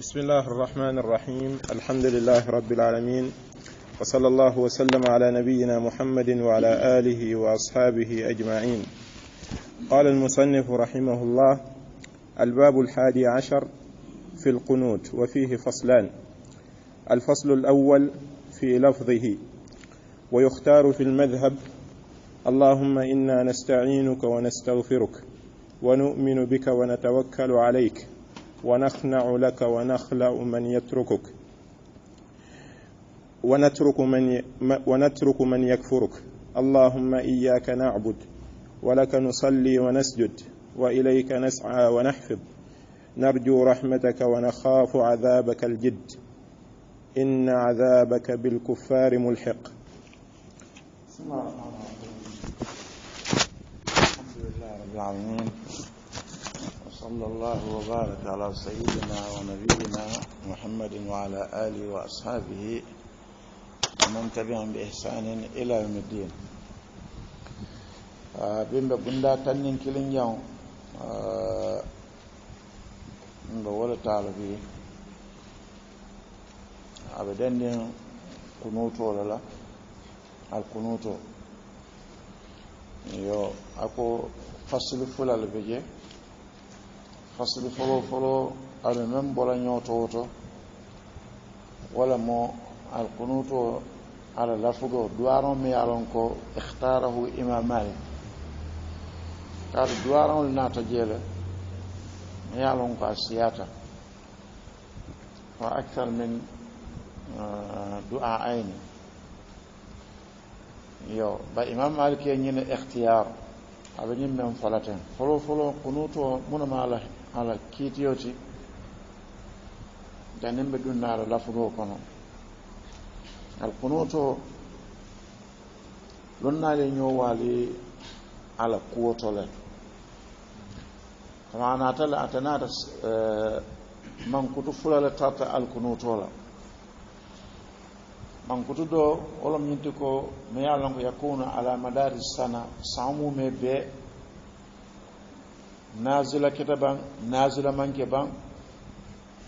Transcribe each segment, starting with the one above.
بسم الله الرحمن الرحيم الحمد لله رب العالمين وصلى الله وسلم على نبينا محمد وعلى آله وأصحابه أجمعين قال المصنف رحمه الله الباب الحادي عشر في القنوت وفيه فصلان الفصل الأول في لفظه ويختار في المذهب اللهم إنا نستعينك ونستغفرك ونؤمن بك ونتوكل عليك ونخنع لك ونخلع من يتركك ونترك من ونترك من يكفرك اللهم إياك نعبد ولك نصلي ونسجد وإليك نسعى ونحفظ نرجو رحمتك ونخاف عذابك الجد إن عذابك بالكفار ملحق بسم الله الرحمن الرحيم الحمد لله رب العالمين صلى الله وبارك على سيدنا ونبينا محمد وعلى آله وأصحابه ومن تبعهم بإحسان إلى يوم الدين بما آه، بندا تنين كلين يوم آه، ولا تعالى به أبدا كنوت ولا لا الكنوت يو أكو فصل فلال بيجي fasiri folo folo ala men bola ñootowoto wala mo alkunuto ala lafugo duwaron mi yalon ko ikhtarahu imam malik kaatu duwaronl naata jeele mi yalon ko a siyata fa actar min eh, du'a ayni yo ba imam malik ye ñine ikhtiyar aɓe ñin men folaten folo folo kunuto munama la hala kiitiyoti danin ɓe ɗunnaara lafuro kono alkunu to ɗunnaali e ñowaali ala kuwotole kama anaatale atanaata e, mankutu fulale tarta alkunu tola mankutu ɗo wolom ñinti ko mi yaalongo yakunu ala madari sana saamume bee nasula keta ban nasula manke ban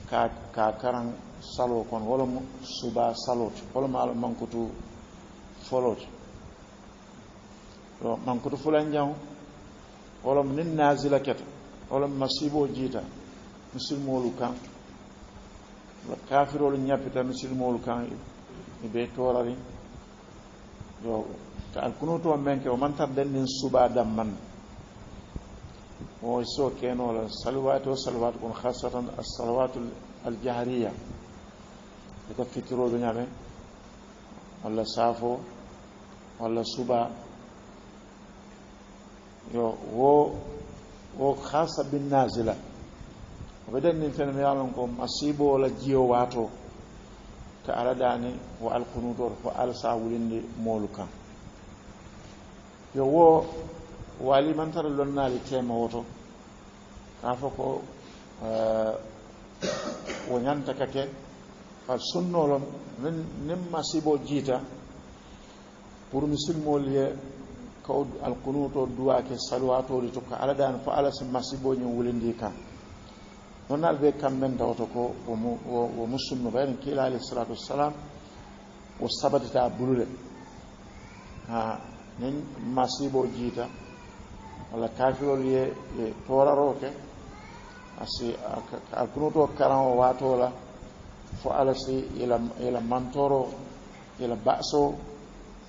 ka ka karan salo kon wala suba salot wala mal mankutu folot ro mankutu fulan jaw wala min nasula keta wala masibo jita musul molu kan la kafirol nyapita musul molu kan ibe torari yo ta kunoto amenke o mantar den nin suba damman man ويسو كينو الصلوات والصلوات كون خاصة الصلوات الجهرية لك فترو دنيا بي ولا سافو ولا سبا يو و و خاصة بالنازلة وبدأ نتنا ميالنكم أصيبو ولا جيو واتو كألا داني وعلى قنوطور فألا ساولين مولكا wali mantara lonnali tema woto ka fo ko eh, woñanta kake fa sunnolon min nin masibo jiita pour misilmol ye ka alkunuto duwake saluwatoli to ko ala dan fo ala si masiboñin wulindi kan nonnal be kamben dawto ko wo musulmo bayen kiila alayhi salatu wassalam o sabatita bulule ha nin masibo jiita walla kafirol ye ye toraroke asi a kunoto karan o watola fo ala si yela yela mantoro yela baso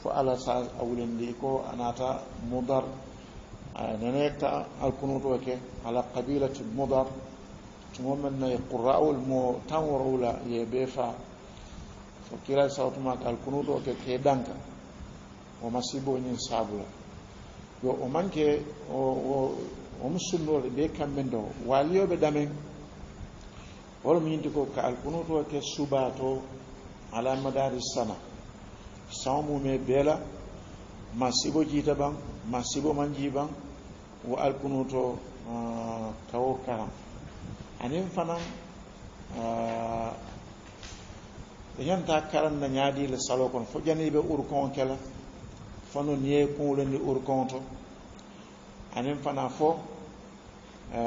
fo ala sa a wulendi ko anata mudar a neneta al kunoto ke ala qabilati mudar tumo men na qurraul mo tanworola ye be fa fo kira sawtuma ka al kunoto ke ke danka o masibo nyin sabula yo o manque o o musulnoɓe ɓe kamɓen ɗo waliyoɓe ɗamen holmo yinde ko ka alkunoto ke suba to ala madari sana sawo mume beela ma sibo jiita ɓan ma sibo man ji ɓan wo alkunoto kawo karam anin fanan ɓe ñanta karan na ñaadile salo kon fo ƴaniɓe urkon kela fano ni ye kuŋolu ni urukonto aniŋ fana fo i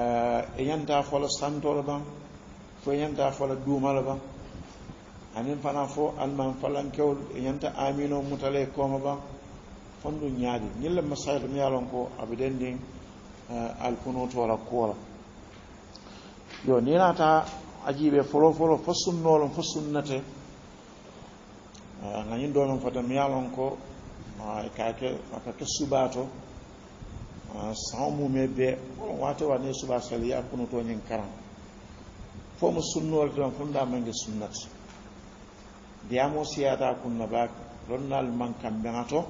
eh, ñanta e fo la e santo lo baŋ fo i ñanta fo la duuma lo baŋ aniŋ fana fo almaŋ falankewolu i e ñanta amino mutale kooma baŋ fan duŋ ñaadi ñiŋ le masayito mi ye a loŋ ko a be dendiŋ eh, alkunuto la kuo la yo niŋ naata ajiibe foloo foloo fo sunnoo loŋ fo sunnate nga eh, ñiŋ doomeŋ fota mi ye a loŋ ko a ah, ka kɛ subaa tɔ san mu mɛ bɛɛ wɔlɔn waati wa ne ye subaa ah, sɔrɔ i y'a kunu tɔ ɲin karan fo mu sunnuwar dɔn fo da man kɛ sunnati diyamo siyata kunna ba lon naal man kam me ko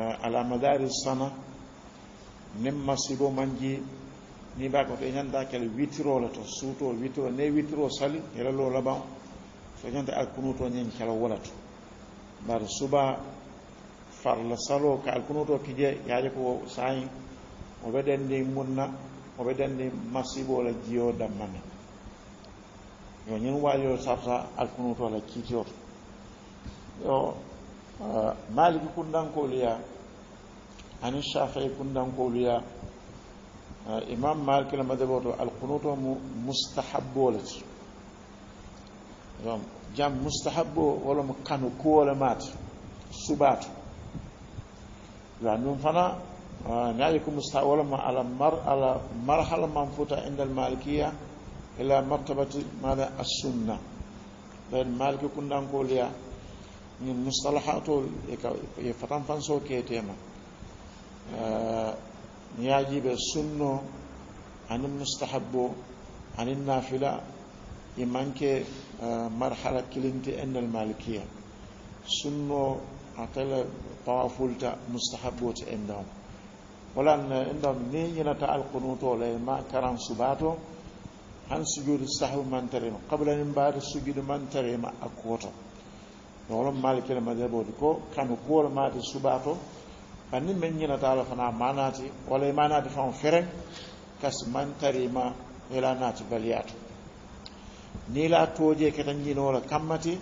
a ah, sana nemma sigo manji ni mbako to ñanda kel witro la to suuto witro ne witro sali hela lo laba so ñanda alkunu to ñen kala wala to bar suba far la salo ka alkunu to kije yaaje ko sayin o be den ni munna o be den ni masibo la jiyo damman yo ñen wayo sarta alkunu to la kitiyo yo uh, ah, maliki kundan ko liya ani shafi'i kundan koluya imam malik la madhabo to alqunuto mustahabbo le ti donc jam mustahabbo wala mo kanu kuwole maati subatu la ɗum fana mi aji ko musta wala mo ala mar ala marhala man futa inde al malikiya ila martabati mada assunna ɓen maliki kundankoliya ñin mustalahatol e fatan fan so keetema آه، يجب السنة عن المستحب عن النافلة يمانك آه، مرحلة كلمة أن المالكية سنة أتلا طوافلت مستحب عندهم ولا عندهم نينا تعال قنوت ولا ما كران سباتو هن سجود السحب من تريم قبل أن بعد السجود من تريم أكوتو ولم مالكي المذهب كانوا كل ما تسباتو kanni men ñinata taala fana manati wala e manati fan feren kasi mantarima ila naati ni la toje keta ñinola kammati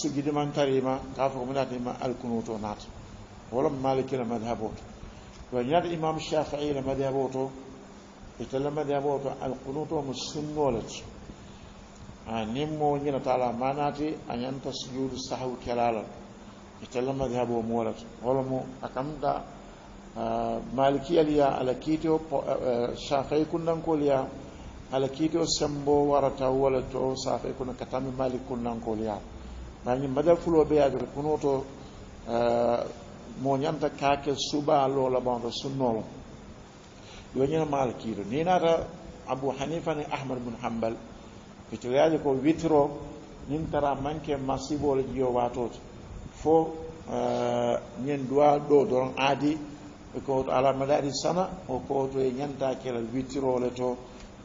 sujudi tarima ka fo ko munatima alkunuto naata wolam maliki la madhabo to to ñinata imam shafii la madhabo to itala madhabo to alkunuto mo sunnolati a nimmo ñinata ala manati a ñanta sujudu sahaw kelalal italla madhhabu muwalat walamu akamta ah, malikiya liya alakitio eh, eh, shafai kunnan koliya alakitio sembo warata wala to safai kuna katami malik kunnan koliya nani madal fulo be ya kunoto eh, mo nyanta kake suba lola bando sunnolo yonyina malikiyo ni nata abu hanifa ni ahmad bin hanbal fitilaji ko witro nin tara manke masibol jiyo watoto fo ñen ñannduwa do doron adi ko to ala madari sana o ko to e ñanta ñantakela le to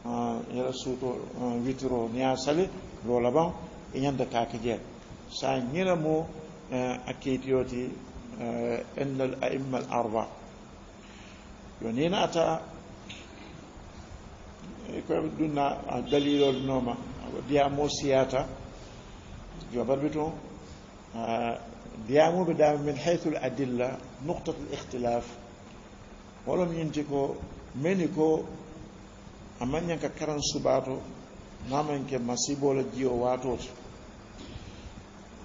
e ñeɗa suuto wittiro ni sali lo la laban e ñanta ka ke je sa ñina mo a keetiyoti inda al aimma al arba yo ni naata koye dunna a dalilol nooma diyamo siyata jobarɓe toon بيعملوا بدعم من حيث الأدلة نقطة الاختلاف ولم ينتكو منكو أمن ينكا كرن سباتو نامن نعم كي مسيبو لجيو واتوت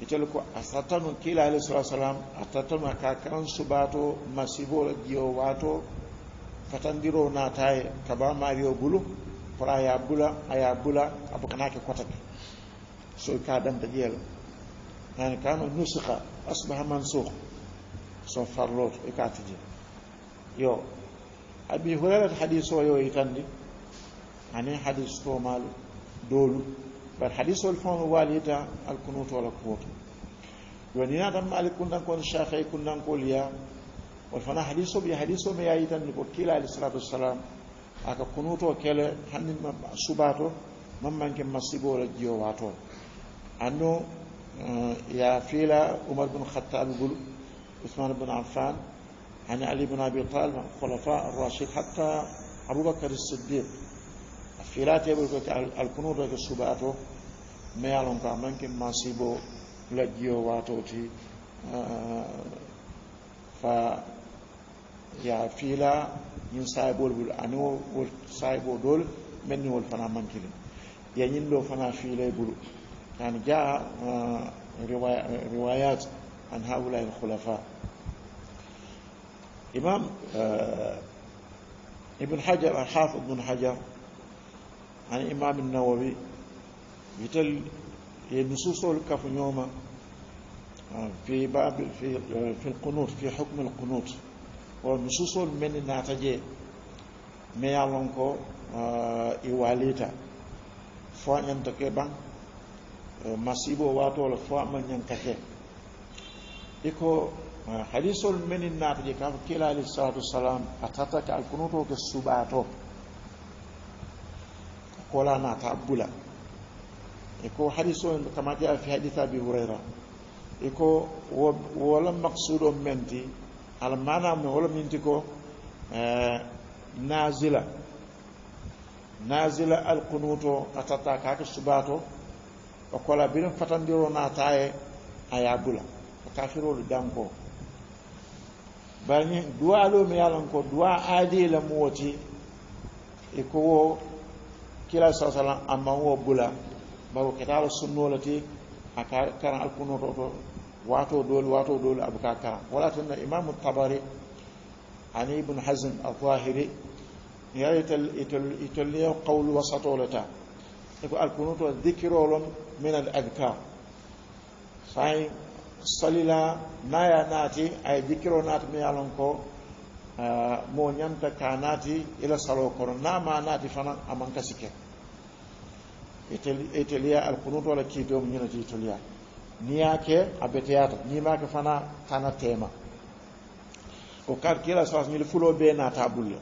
يتلكو أستطنو كيلا عليه الصلاة والسلام أستطنو كا كرن سباتو مسيبو لجيو واتو فتندرو ناتاي كبا ماريو بلو فلا يابولا أيابولا أبو كناكي كوتك سوي كادم تجيل يعني كانوا نسخة أصبح منسوخ son farloto e ka tije yo abi hurairata hadis o yo yitande ani hadis to maalo doolu bat hadis ol fon walita alkunutola kuwoto yoni natam maali kundankon shafii kundankol ya wol fana hadis o ɓiye hadis o mi yayitande ko kiila alayhisalatu wassalam aka kunuto kele hannin ma subato mammanke masibola jiyo watoo anno آه، يا فيلا عمر بن الخطاب يقول عثمان بن عفان عن علي بن أبي طالب الخلفاء الراشد حتى أبو بكر الصديق فيلات يقول الكنود لك السباتو ما يعلم كمان كم ماسيبو لجيو واتوتي آه، ف يا فيلا ين saibol بول انو سايبو دول dol men ni wol fana لو yayin فيلا fana يعني جاء آه، روايات عن هؤلاء الخلفاء إمام آه، ابن حجر الحافظ ابن حجر عن إمام النووي يتل النصوص الكف يوما آه، في باب في في القنوت في حكم القنوت ونصوص من ناتجه ميالونكو إواليتا فوان ينتكي بان Eh, masibo watola fo ma ñanka eh, hen e ko hadisol meni naata ƴe kanko kela alayhi salatu wa salam a tattaka alkunoto ke suɓato ko kola naata a bula e ko hadise o kama ƴe fi hadite abi hurayra e ko wola maksude o menti ala manam ne wola minti ko eh, nasila nasila alkunuto a tattaka ake suɓato o kola birin fatandiro naata ye a ye a bula o kafirolu danko bari duwa alo mi dua adi ko duwa aadi ti i ko kila sa sallam a man wo bula bari o keta ala sunno le ti a ka karan alkunoto waato doolu waato doolu abu ka karan wala tinna imamu tabari ani ibn ibnu hazm alzahiri yara itol itol itol ni qawlu wasatolata eko alkunoto dikirolon min al-adhkar sai salila naya naati ay bikiro naati mi yalon ko eh, mo ñanta ka naati ila salo kono nama naati fana aman ka sikke italiya alkunut wala kiidom ñinati italiya niya ke a beteyata nimake fana kana tema o kar kila sas ñil fulo be naata bulle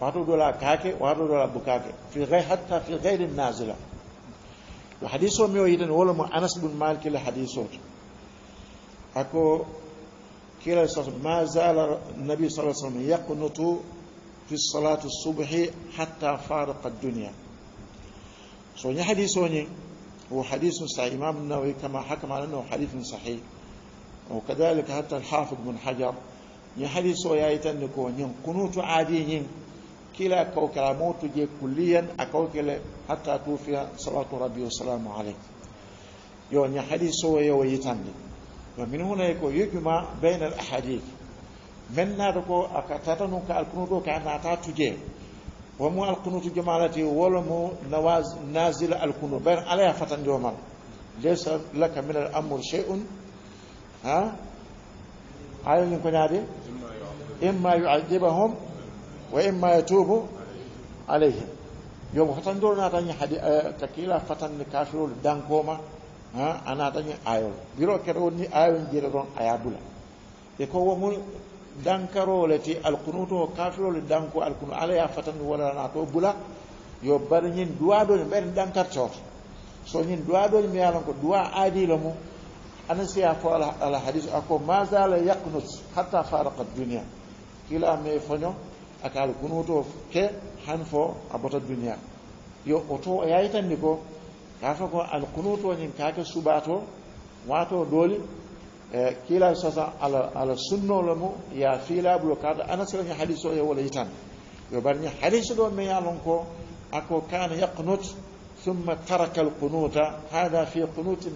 wato dola kake wato dola bukake fi hatta fi gayri وحديثه ميو يدن ولا مو أنس بن مالك إلى حديثه أكو كلا ما زال النبي صلى الله عليه وسلم يقنط في الصلاة الصبح حتى فارق الدنيا سو ني حديثه هو حديث صحيح إمام النووي كما حكم على أنه حديث صحيح وكذلك حتى الحافظ بن حجر ني حديثه يا يتنكو ني قنوت عادي ني كلا كوكرا موت جي كليا أكوكلا حتى توفي صلاة ربي وسلام عليك يوني حديث سوى يويتان ومن هنا يكو يجمع بين الأحاديث من نادكو أكتتنو كالكنودو كأن أعطات جي ومو القنوت جمالتي ولمو نواز نازل القنوت بين عليها فتن جمال ليس لك من الأمر شيء ها على إما يعذبهم وإما يتوب عليهم يوم فتن دور ناتني حدي تكيلا فتن كافر دان كوما ها أنا تاني آيو بيرو كروني آيو جيرون آيابولا يكو مول dankaro le ti al kafiro le danko alkunu ala ya fatan wala na to bula yo bar nyin duwa do ni ber dankar tor so nyin duwa do mi yalan ko duwa adi lo mu ana si ya fo ala hadis ako ma zala yaqnut hatta faraqa dunya kila me fonyo akal kun oto ke hanfo abota dunya yo oto a yayi tan ni ko ka fo ko alkunuto ñin kake subato wato doli e kiila sasa ala ala sunno lamu ya ka kaɗa anasirañi haalis hadiso e wala yitan yo ni hadiso do me yalon ko ako kana yaqnut ثم ترك القنوت هذا في قنوت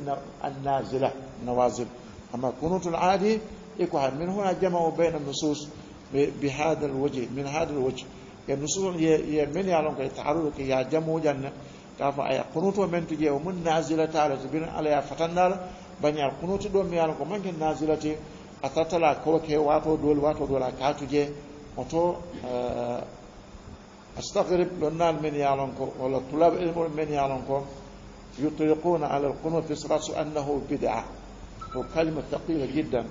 النازلة النوازل أما قنوت العادي يكون من هنا جمع بين النصوص بهذا الوجه من هذا الوجه يعني نسوم ي من يعلم كي تعرض كي يعجمو جنة كافا أي قنوت ومن تجي ومن نازلة على سبيل على فتنة بني القنوت دوم يعلم كمان كي نازلة أتطلع كي واتو دول واتو دول كاتو جي وتو آه، أستغرب لنا من يعلمكم ولا طلاب علم من يعلمكم يطلقون على القنوت في الصلاة أنه بدعة وكلمة ثقيلة جدا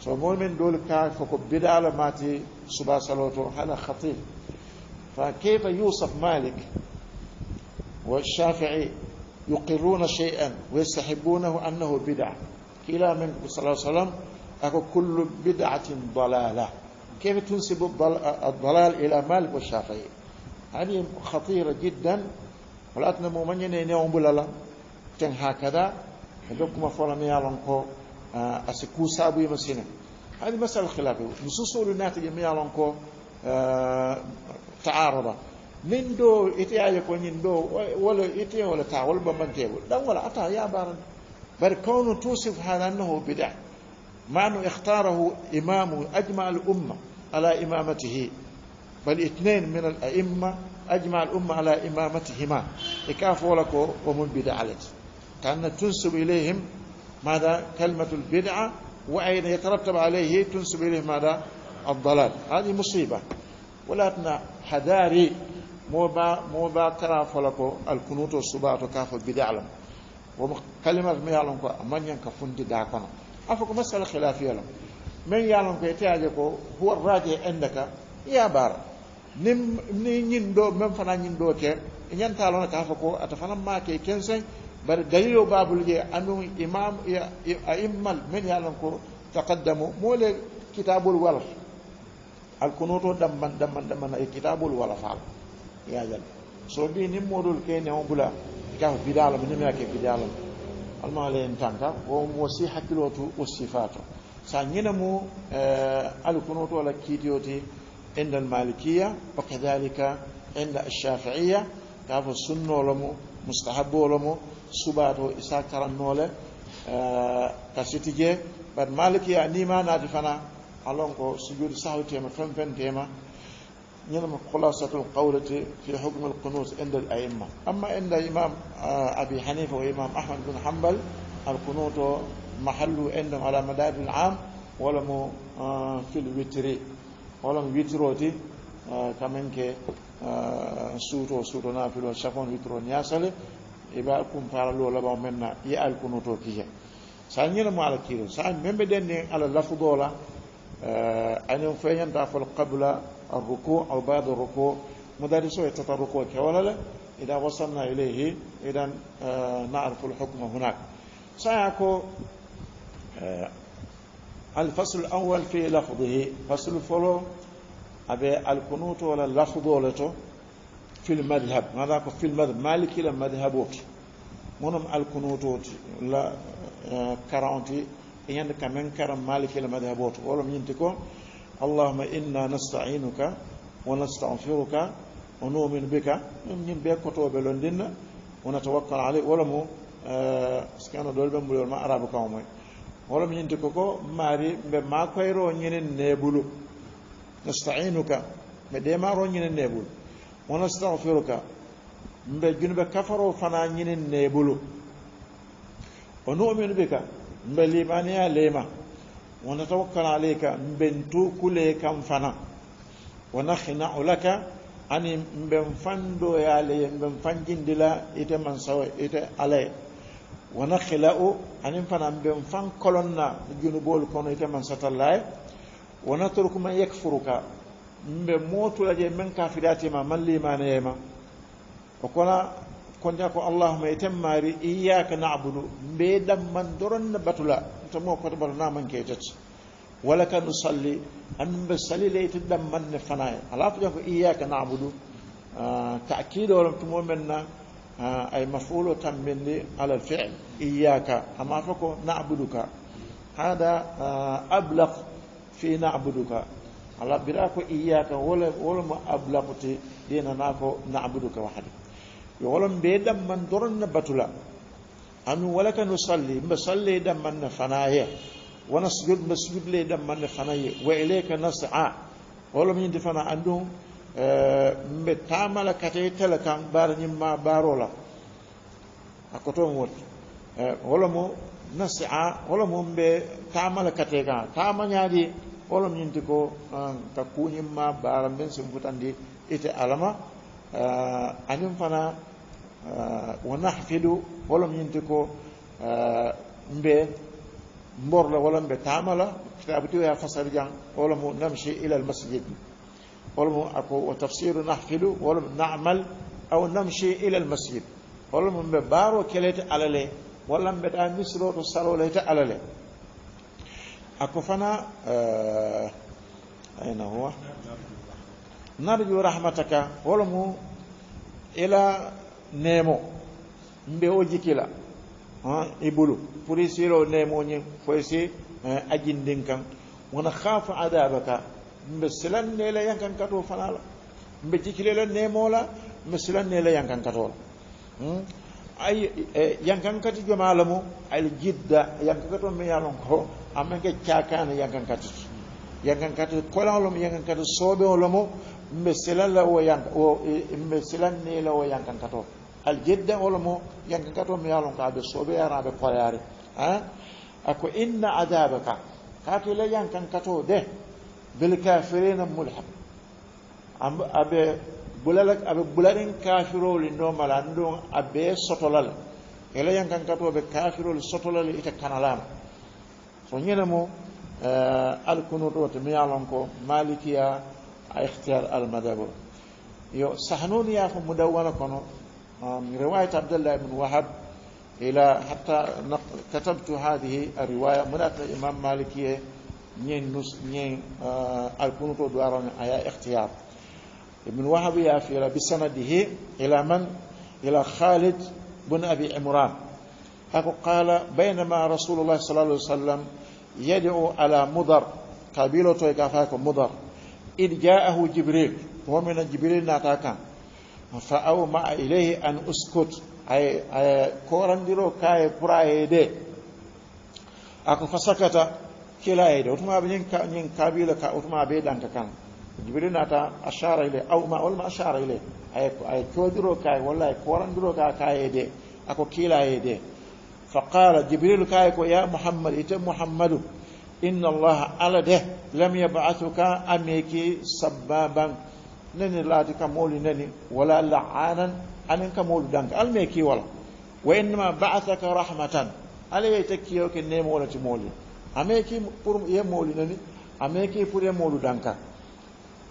so momin dol ka koko bidala mati suba saloto hala khatif فكيف يوصف مالك والشافعي يقرون شيئا ويستحبونه أنه بدعة كلا من صلى الله عليه وسلم أكو كل بدعة ضلالة كيف تنسب الضلال إلى مالك والشافعي هذه خطيرة جدا ولكن مؤمنين ينوم بلالا كان هكذا لكم فرمي على asiku sabu yima هذه مسألة خلافية نصوص الناتج جميعا لنكو آه، تعارضا من دو اتيا يكون من دو ولا اتيا ولا تا ولا بمنتي لا ولا أتا يا بارن بل كونه توصف هذا أنه بدع مع أنه اختاره إمام أجمع الأمة على إمامته بل اثنين من الأئمة أجمع الأمة على إمامتهما إكافوا ولكو ومن بدعلت كأن تنسب إليهم ماذا كلمة البدعة وأين يترتب عليه تنسب إليه ماذا الضلال هذه مصيبة ولا تنا حذاري مو با مو با ترى فلكو الكنوت الصباح كاف بدعلم وكلمة ما يعلم من ينكفون داكنا أفكو مسألة خلافية لهم من يعلم كيتاجكو هو الراجع عندك يا بار نم نين دو من فنان نين دو كي ñantalona ka fa ko ata fanan make bari dalilo babul je andum imam a'immal men yalan ko taqaddamu mole kitabul walaf al kunuto damman damman damman e kitabul walaf al ya jal so bi ni modul ke ne bula ka bidal min me ke bidal al ma len tanka o mo si hakilotu o sifato sa nyina mu al kunuto la kidiyoti عند المالكية وكذلك عند الشافعية كاف السنة ولمو مستحب ولمو subato isa karannole ka sitije bat malikiya nima naati fana alon ko sujudu sahu tema tema ñinoma khulasatul qawlati fi hukme alqunut inde al aimma amma inde imam abi hanifa o imam ahmad bin hambal alqunut o mahallu endon ala madabi l am wala mo fil witri wala mo witroti kamen ke suuto suuto nafilo chaque on witro ñasale iba kum fara lo la ba menna ya al kunuto kiya sa nyina ma ala kiro sa membe denne ala lafugo la eh, anin fenyan ta fal qabla الركوع أو بعد الركوع مدرسه يتطرقوا كولا إذا وصلنا إليه إذا نعرف الحكم هناك سيكون الفصل الأول في لفظه فصل فلو أبي الكنوت ولا اللفظ ولته في المذهب ماذا في المذهب مالك إلى مذهب وكي منهم الكنوت لا كرانتي ين كمن كرم مالك إلى مذهب وكي ولم ينتكو اللهم إنا نستعينك ونستغفرك ونؤمن بك من بك كتب لندن ونتوكل عليه ولم آه، سكان دول بن بلور ما أراب كومي ولم ينتكو ماري بما كيرو ينين نبلو نستعينك مديما رو ينين نبلو wanastafiruka mbe junube kafaro fana ñinin ne bulu o numinu bika mbe limaniya lima wanatawakkala aleyka mben tukule kan fana wanahinau laka ani mben fandoyale mben fanjindila ite mansawe ite alaye wanahila'u ani fana mben fan kolonna junubolu kono ite mansatallaye wanatorkuman yakfuruka mbe motula laje men kafiratema man ma. o kola konja ko allahuma iten maari iyaka nabudu mbe doron na batula tomo koto man ke tati wala ka salli, an mbe to dam man ne fanay ala to ko iyaka nabudu ah, takiɗolom tumo men na ah, ay mafulo tammindi ala l fiil iyaka ama ko nabuduka hada ah, ablaq fi nabuduka ala birako iyaka wala wala wolma ablakuti dinanako nabuduka wahada yo wolon be damman doronna batula anu walaka nusalli mbe salle damman na fanaye wana sujud mbe sujud le man na fanaye wa ilayka nas'a wolom yindi fana andu eh, mbe tamala kate telekan bar nyimma barola akoton wot eh, wolomo nas'a wolomo mbe tamala kate kan tama di. wolom ñinti ko ta kuñim ma baara sum sumputandi ite alama anum fana wa nahfidu wolom ñinti ko mbe mbor la wala mbe tamala kitabu tiya fasal jang wolomu namshi ila al masjid ako wa tafsir nahfidu وتفسير na'mal aw namshi ila al masjid المسجد mbe baro kelete alale wala mbe ta misro to salo على alale ako fana uh, eh, aina huwa narju rahmataka holmo ila nemo mbe o jikila ah, ibulu pour siro nemoñi foy si uh, eh, ajindin kan wona khafa adabaka mbe silannela yankan kato fanala mbe jikilela nemola mbe silannela yankan katola hmm? ay e, yankankati jomaalamu al jidda yankankati on mi yalon ko amanke cakane yankankatiti yankankati kolaŋolomu yankankati soobeŋolomu mbe silan la wo yank wo e, mbe silan ni la wo yankankato al jidda wolomu yankankato mi yalon ko aɓe soobeyara aɓe koreyari a ako inna adabaka kaatu la yankankato de bilkafirina mulhaq aɓe bulala abe bulalin kafiroli ndo mala ndo abe sotolal ele yang kan kato abe kafiroli sotolal ita kanalam so nyene mo al kunut wat mi yalon ko malikiya a ikhtiyar al madhab yo sahnun ya fu mudawwana kono من رواية عبد الله بن وهب إلى حتى كتبت هذه الرواية من الإمام مالكية نين نس نين الكونتو دوارون آية اختيار ابن وهب يافر بسنده إلى من إلى خالد بن أبي عمران أقو قال بينما رسول الله صلى الله عليه وسلم يدعو على مضر قبيلة يكافاك مضر إذ جاءه جبريل ومن جبريل ناتاكا ما إليه أن أسكت أي أي كوران ديرو كاي براي دي أكو فسكت كلا يدي وتما بنين كابيلة كأوتما بيدان كان jibril nata ashara ile aw ma wal ma ashara ile ay ay kodiro kay walla ay korandiro ka kayede ako kila de fa qala jibril kay ko ya muhammad ita muhammadu inna allaha ala de lam yab'athuka amiki sababan nani lati ka moli nani wala la'anan anin ka moli dank almeki wala wa inma ba'athaka rahmatan alaye takiyo ke nemo wala ti moli ameki pur ye moli nani ameki pur ye molu ka.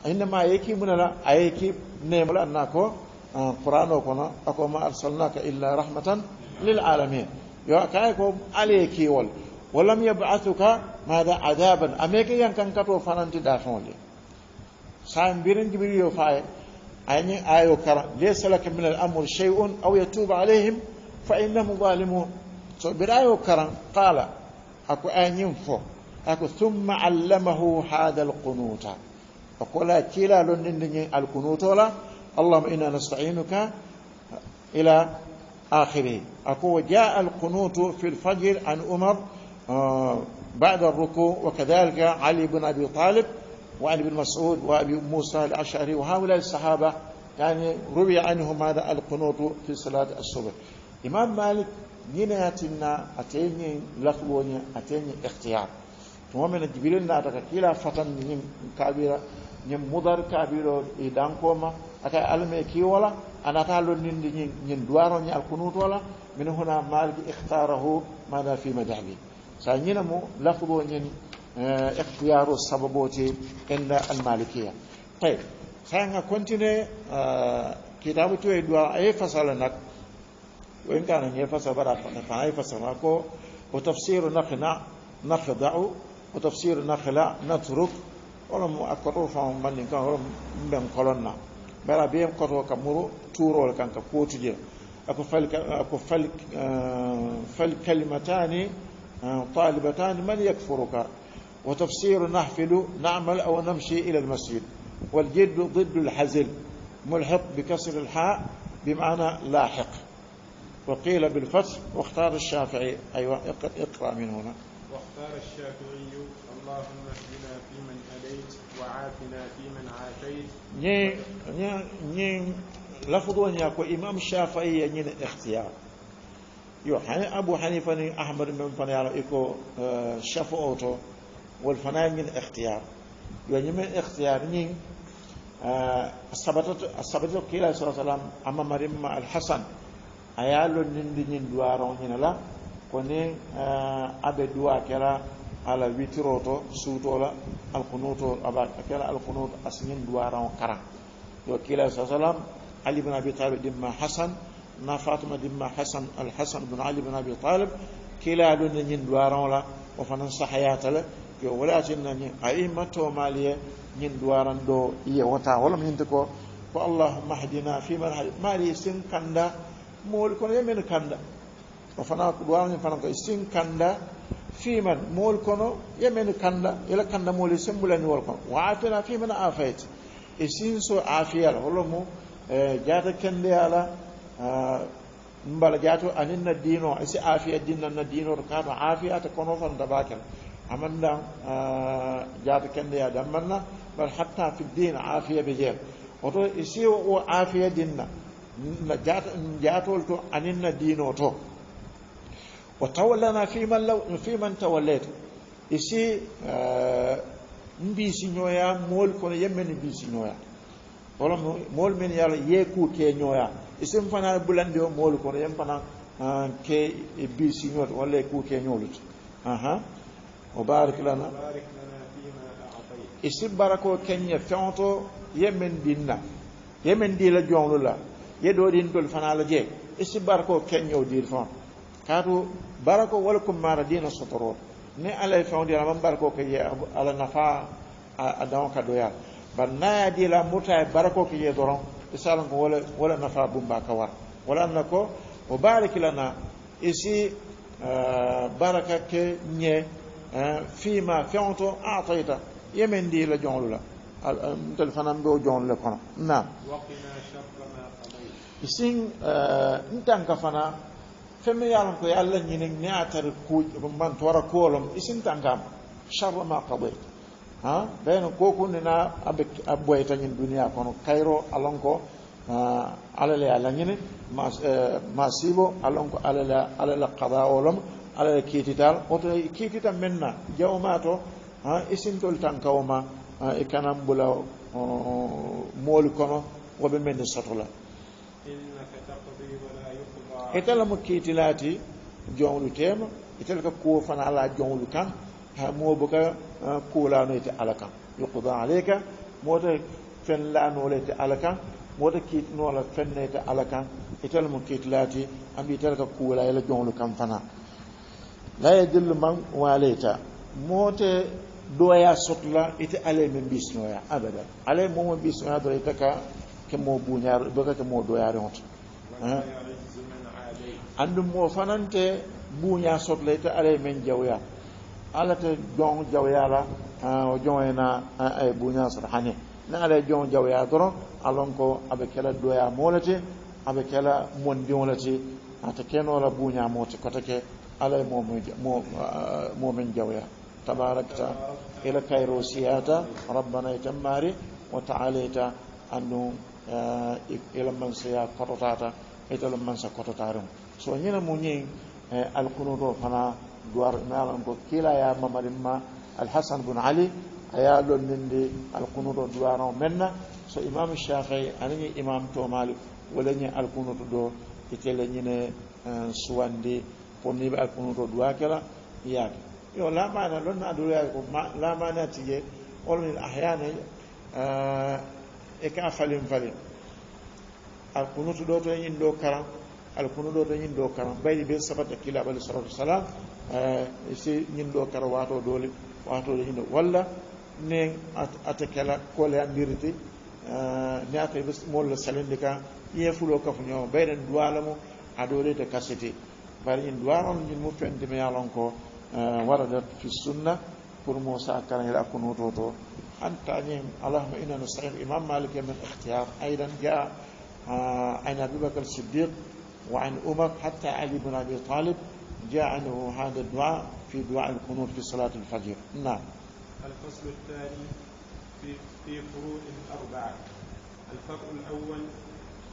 إنما يكي مننا أيكي نملا أنكو القرآن آه، وكنا أكو ما أرسلناك إلا رحمة للعالمين يا كايكم عليكي ول ولم يبعثك ماذا عذابا يان كان كتو فنان دافون لي بيرن جبريل فاي أين آيو كرا ليس لك من الأمر شيء أو يتوب عليهم فإنهم ظالمون so birayo كرا قال أكو ayin fo أكو ثم علمه هذا alqunuta فقولا تيلا لنني الكنوت ولا اللهم إنا نستعينك إلى آخره أقول جاء القنوت في الفجر عن أمر آه، بعد الركوع وكذلك علي بن أبي طالب وعلي بن مسعود وأبي موسى الأشعري وهؤلاء الصحابة يعني روي عنهم هذا القنوت في صلاة الصبح إمام مالك نيناتنا أتيني لخبوني أتيني اختيار tumamina jibril naata ka kiila fatan ñim kaabira ñim mudar kaabiro e dankoma akay alme kiwola anata lonninde ñin ñin duwaro ñi alkunutola min huna maliki ikhtarahu mada fi madhabi sa ñina mu lafgo ñin ikhtiyaru sababoti inda almalikiya tayib sa nga continue kitabu to e duwa ay fasala nak وإن كان هي فسبرا فهي فسبرا كو وتفسير نقنع نخضع وتفسير نخلع نترك ولم أكرر فهم من كان هم بهم قلنا بلا بهم قطو كمرو تورو لكان كقوتي أكو فل أكو فل آه، كلمتان آه، طالبتان من يكفرك وتفسير نحفل نعمل أو نمشي إلى المسجد والجد ضد الحزل ملحق بكسر الحاء بمعنى لاحق وقيل بالفتح واختار الشافعي أيوة اقرأ من هنا واختار الشافعي اللهم اهدنا فيمن هديت وعافنا فيمن عافيت ني ني لفظ وين ياكو امام الشافعي ني اختيار يو حني ابو حنيفه ني احمد من فنيار ايكو شافو اوتو والفنان من اختيار يو ني من اختيار ني السبتة السبتة كلا صلى الله عليه وسلم أما مريم الحسن أيالو نندي ندوارون هنا لا kone abe duwa kɛra ala witiroto to suto la alkunuto aba kɛra alkunut asinin duwaran karan yo kila sasalam ali bin abi talib dimma hasan na fatima dimma hasan hasan bin ali bin abi talib kila don ni nyin duwaran la o fanan sahayata la yo wala tin na ni ai mato maliye nyin duwaran do ye wata wala min ko fa allahumma hdina fi marhal mali sin kanda mol ko yemen kanda وفنا دوامن فنا كو سين كاندا فيمن مول كونو يمن كاندا يلا كاندا مول سمبلن ور كون وعافنا فيمن عافيت إسين سو عافية هلمو جاتا كندي على mbala jaato anin na diino isi afiya dinnan na diinoro kaato afiyata kono fan dabakel amandan jaato kendeya dammanna bal hatta fi din afiya ɓe jeen oto isiwo o afiya dinna jaatol to anin na diino to wa tawallana fiman tawallayta isi uh, mbisiñoya mool kono yemmene mbisiñoya wala mool men yal yeeku ke ñoya isim fana bulandi o mool kono yem fana uh, ke mbisiñoto walla ku ke ñoolute aha o barik lana isi barako keñña feŋoto yemmen dinna yemmen dila jonlu la yeɗo ɗin dol fana la jee isi barako keñño dir fono kaatu barako wala kummara dina sotoro ni alay fawndira man barako ko ye ala nafa a dawo ka doya bar naya dila muta barako ko ye doron isalan ko wala wala nafa bumba ka war wala anna ko o barik lana isi baraka ke nye fima fewto atayta yemen di la jonlula tel fanan do jonlula kono na waqina sharra ma qadayt isin ntanka fana فما يعلم كو يالا نين نياتر كوج بمبان تورا كولم اسين تانكام شر ما قضيت ها بين كوكو ننا ابك ابوي تانين دنيا كونو كايرو الونكو على لا على نين ما ما سيبو الونكو على لا على لا قضاء ولم على لا كيتيتال اوتو كيتيتا مننا جاوماتو ها اسين تول تانكاوما e kanam bula moolu kono woɓe men sotola innaka taqdi wala itala mo kiitilaati jonlu teema itala ka kuwo fana ala jonlu kan ha moo boka kuwolaano ite ala kan yukuda aleyka moota fen laanoola ite ala kan moota kiitinoola fenna ite ala kan itala mo kiitilaati ambi itala ka kuwola yela jonlu kan fana la ye dillu man waale ita moote doya sotla ite ala men bisnoya abada ala momo bisnoya dore itaka ke mo buñar boka ke mo doyare honto andum mo fanante buuña sotle te ale men jawya ala te jawya la o jowoyna e buuña soto hane na ale jong jawya doron alon ko abe kala doya molete aɓe kela mondiolete ata kenola buuñamote kotake ala men jawya tabarakta ila kayro siyata rabbana e wa o ta andu ila man siya kototata lam man sa kototarum so ñina mu ñing uh, alkunuto fana duwar nalan ko kila ya mamarin ma alhasan bun ali aya lonninde alkunuto duwarao menna so imam shafii anañi imam to malik wala ñi alkunuto do itele ñine uh, suwandi pour ni ɓe alkunuto duwa kela yaake yo lamana lonna duroyaake ko lamana tije olmin ahyana uh, e ka falin falin alkunuto ɗo to ñin ɗo alkuno ɗo ɗo ñin ɗo kara bayɗi ɓe sabata kilaɓe alayhi salatu wasalam eh, si ñin ɗo kara wato dole watoɗo ñin ɗo walla nen ata kela koleyandirde eh, ne ata ɓe molla salinde ka ƴiye fulo kafo ñawo bayɗen duwala mo aɗoɗe te kasete bari ñin duwaron ñin mu fendima yalon ko eh, waradat fi sunna pour mo sa kara hel akkuno to inna imam malik min ikhtiyar aidan ya عن abubakar siddiq وعن أمر حتى علي بن أبي طالب جاء عنه هذا الدعاء في دعاء القنوت في صلاة الفجر نعم الفصل الثاني في في فروض أربعة الفرق الأول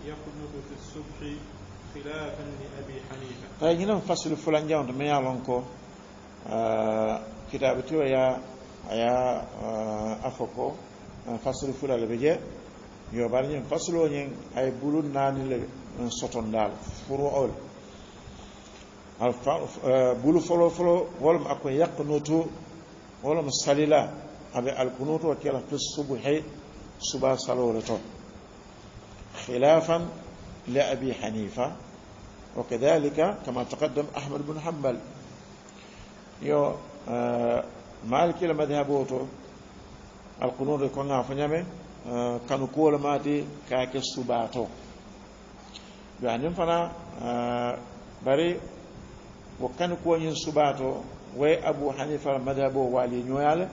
يقنط في الصبح خلافا لأبي حنيفة طيب هنا فصل فلان جاون من يالونكو آه كتابته يا يا آه أخوكو آه، فصل فلان لبجي يوبارين فصل ونين أي بولون نان لبجي n sotondaal furuol bulu folo folo wolem ako yaqnutu wolem salila abe aɓe alkunuto kela fi subuhe suba salore to khilafan li abi hanifa وكذلك كما تقدم أحمد بن حنبل يو آه مالك لمذهبوتو القنوط يكون عفنيامي آه كانوا كول ماتي كاكي السباتو yohanin fana eh, bare wakkan kuwanyin su ba to wai abu hanifar madabo wali nyoyale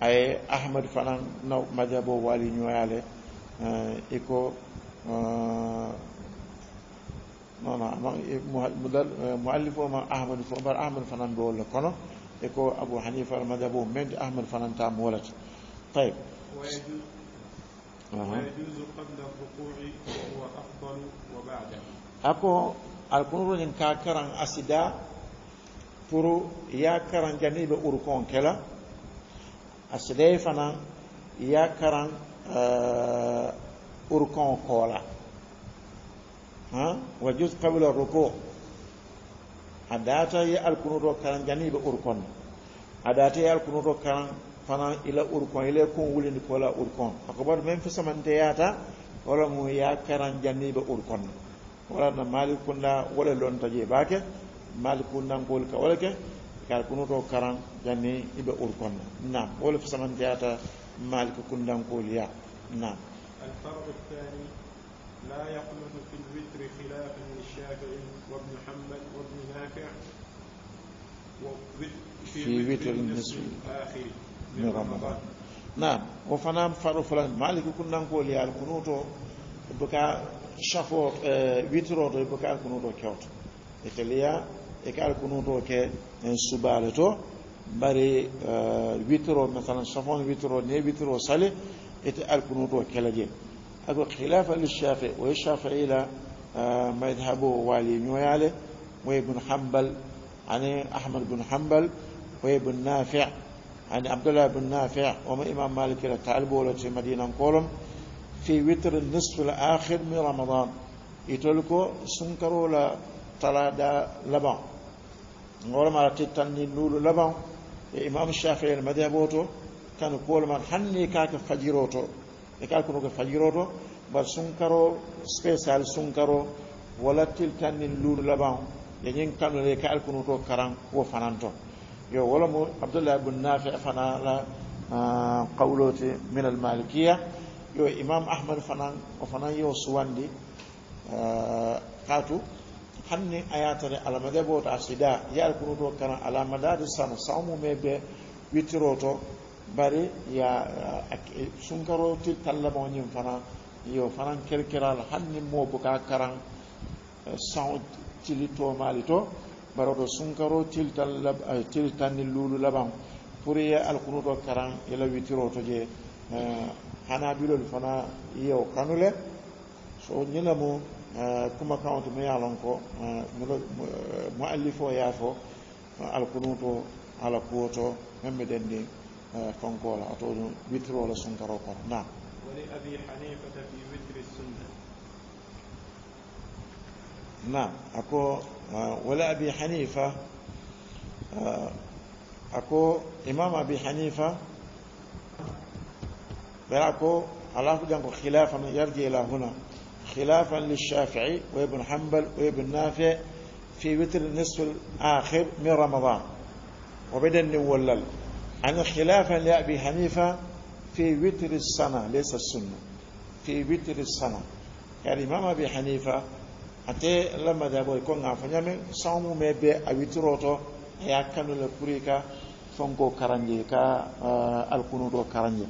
aye ahmad fana na madabo wali nyoyale eh, iko eh, nona muallif o ma ahmad fo bar ahmad fanan be wolla kono e ko abou hanifa almadabo men ahmad fana ta mo wolata a ko alkunuru nin ka karan asida pour ya karan janiɓe urukon kela asidaye fana ya karan euh, urukon koola wa jus qable ruko a data ye alkunuro karan janiɓe urukonne a data ye alkunuro karan fana ila urkon ila kon wulindi ko la urkon akobar men fi samanteyata wala mu ya karan janni be urkon wala na malikun la wala don taje bake malikun nan malikundankol ka wala ke kar to karan janni ibe urkon na wala fi samanteyata مالك كن دانكوليا نعم الفرق الثاني لا يقنط في الوتر خلافا للشافعي وابن حنبل وابن نافع في وتر النسب الآخر من رمضان نعم وفنام فارو فلان مالك كنا نقول يا الكنوتو بكا شافو آه، ويترو بكا الكنوتو كيوت إتليا إكا الكنوتو كي سبالتو bari آه، ويترو مثلا شافون ويترو ني ويترو سالي إت الكنوتو كلاجين أقول خلافا للشافعي والشافعي لا آه، ما يذهبوا والي نويالي وابن حنبل عن يعني أحمد بن حنبل وابن نافع عن عبد الله بن نافع وما إمام مالك إلى تعلب ولا في مدينة كولم في وتر النصف الآخر من رمضان يتولكو سنكرو لا دا لبان ورما تتنين لولو لبان الإمام الشافعي المذهبوتو كان كل من حني كاك فجيروتو كاك نوك فجيروتو بس سنكروا سبيسال سنكروا ولا تلتنين لولو لبان يعني كانوا لكالكنوتو كران وفنانتو yo wala mo abdullah ibn nafi fana la qawloti min al malikiya yo imam ahmad fana o fana yo suwandi qatu hanni ayatare alamade boto asida yar kunu do kana alamadadi sanu sawmu mebe witiroto bari ya sunkaroti tallamo ñin fana yo fana kerkeral hanni mo buka karan saw cili to mali to baroto sunkaro tiltan lab tiltan ni lulu laban pour ye alkunuto karan yala witiro to je hana bilol fana yew kanule so ñilamu kuma kawto mi yalon ko mo allifo yaafo alkunuto ala kuwoto membe den ndi konkola oto ɗum witrola sunkaro kono nam ولأبي حنيفة في وتر السنة نعم أكو آه، ولا أبي حنيفة آه، أكو إمام أبي حنيفة بلاكو alafu jangu خلافا يرجع إلى هنا خلافا للشافعي وابن حنبل وابن نافع في وتر النصف الآخر من رمضان وبدأ نولل عن خلافا لأبي حنيفة في وتر السنة ليس السنة في وتر السنة يعني إمام أبي حنيفة ate la boy ko nga fanya fanyame sawmu mebe awituroto ya kanu le kurika fonko karanje ka uh, alkunuto karanje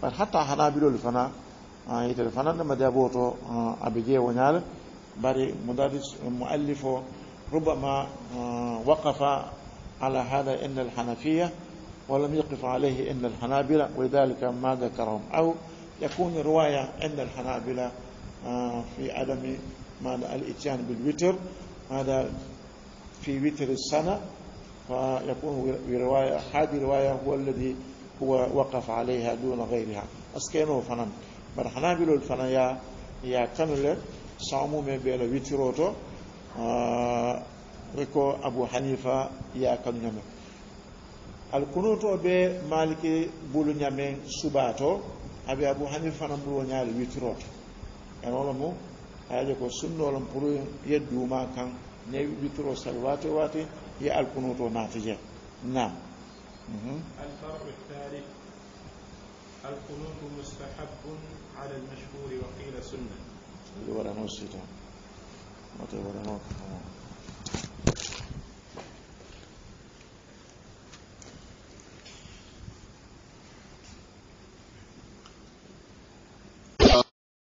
par hatta hanabilol fana ay tele fana la madhabo boto abije wonyal bari mudaris muallifo ربما وقف على هذا إن الحنفية ولم يقف عليه إن الحنابلة ولذلك ما ذكرهم أو يكون رواية ان الحنابلة في عدم معنى الاتيان بالوتر هذا في وتر السنة فيكون رواية هذه رواية هو الذي هو وقف عليها دون غيرها أسكينه فنان بل حنابل الفنا يا يا كانوا صاموا من بين وتروتو آه ركو أبو حنيفة يا كانوا الكنوتو be maliki بولو نيامين سوباتو أبي أبو حنيفة hanifa fana mbulo ñaali witiroto مو aje ko sunno sunnolam puru yeddu ma kan ne witiro sal waate waate ye alkunuto naatije nam الفرع الثالث القنوت مستحب على المشهور وقيل سنه ولا wa ولا نوصي